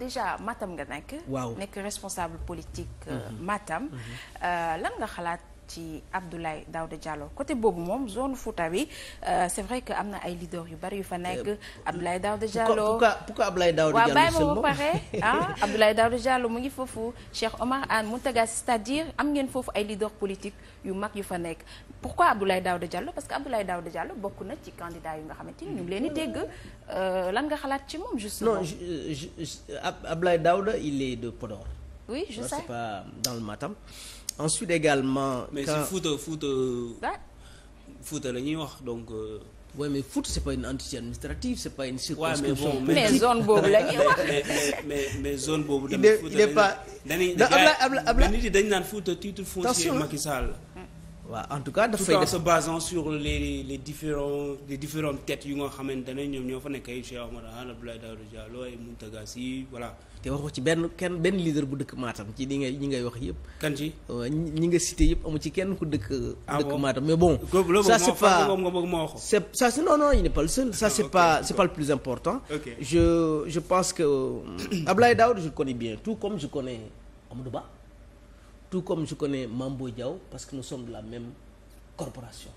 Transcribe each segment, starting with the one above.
déjà Matam nga nekk. waaw nekk responsable politique. Euh, mhm. Matam mhm. Euh, lan nga xalaat. ci Abdoulaye Daouda Diallo côté boobu moom zone Fouta bi euh, c'est vrai que am na ay leaders yu bari yu fa nekk eh, Abdoulaye Daouda Diallo pourquoi pourquoi Abdoulaye Daouda Diallo waaw bàyyi ma ba pare ah Abdoulaye mu ngi foofu Cheikh Omar Anne Mountaga c'est-à-dire am ngeen foofu ay leaders politiques yu mag yu fa nekk pourquoi Abdoulaye Daouda Diallo parce que Abdoulaye Daouda Diallo bokk na ci candidat yu nga xamante ni ñu ngi leen di dégg euh, lan nga xalaat ci moom justement non Abdoulaye Daouda il est de Podor oui je pas dans le Matam ensuite également. mais quand... si Fouta Fouta Fouta la ñuy wax donc. Euh, oui mais Fouta c'est pas une entité administrative c'est pas une circonscription. Ouais, mais, bon, mais, zone boobu la ñuy wax. mais mais zone boobu. dañuy Fouta dañuy dañuy dañ naan Fouta titre foncier Macky Sall. waaw en tout cas dafay def tout en se basant sur les les différents les différentes têtes yu nga xamante ne ñoom ñoo fa nekk ay Cheikh Oumar Anne Abdoulaye Daouda Diallo ay Mountaga Sy voilà. te waxu ci benn kenn benn leader bu dëkk Matam ci li ngay ñi ngay wax yëpp. kan ñi nga cité yëpp amu ci kenn ku dëkk. Ah dëkk Matam mais bon. ça c'est pas c'est ça c'est non je pense que euh, Abdoulaye Daouda je le connais bien tout comme je connais Amadou Ba. tout comme je connais Mambo Diaw parce que nous sommes de la même corporation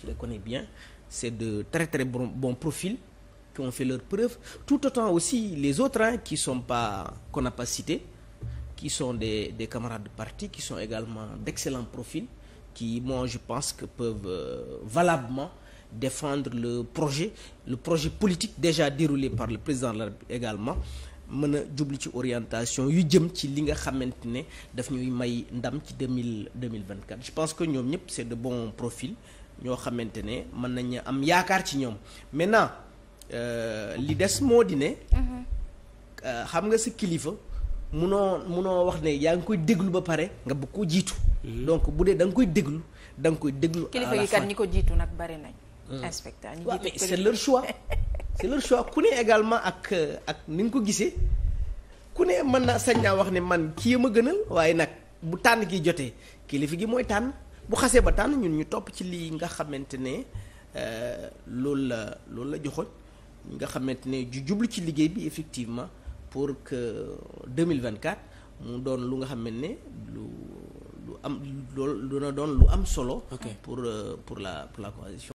je les connais bien c'est de très très bons bon profils qui ont fait leurs preuves tout autant aussi les autres hein, qui sont pas qu'on n'a qui sont des des camarades de parti qui sont également d'excellents profils qui moi je pense que peuvent euh, valablement défendre le projet le projet politique déjà déroulé par le président également mën a jublu ci orientation yu jëm ci li nga xamante ne daf ñuy may ndam ci deux mille deux mille vingt quatre je pense que ñoom ñëpp c'est de bons profils ñoo xamante ne mën nañ am yaakaar ci ñoom mais maintenant euh, li des moo di ne. Uh-huh. xam nga sa kilifa munoo munoo wax ne yaa ngi koy déglu ba pare nga bëgg koo jiitu. Mm-hmm. donc bu dee da nga koy déglu da koy déglu. à la fin kilifa yi kat ñi ko jiitu nag bari nañ. Mm. inspecteur ñi jiitu c'est leur choix. c'est leur choix ku ne également ak euh, ak ni nga ko gisee ku ne mën na sañ naa wax ne man kii ma gënal waaye nag bu tànn gi jotee kilifa gi mooy tànn bu xasee ba tànn ñun ñu topp ci lii nga xamante ne euh, loolu la loolu la joxoon nga xamante ne ju jublu ci liggéey bi effectivement pour que 2024 mu doon lu nga xamante ne lu lu am loolu dina doon lu am solo. pour euh, pour la pour la coalition.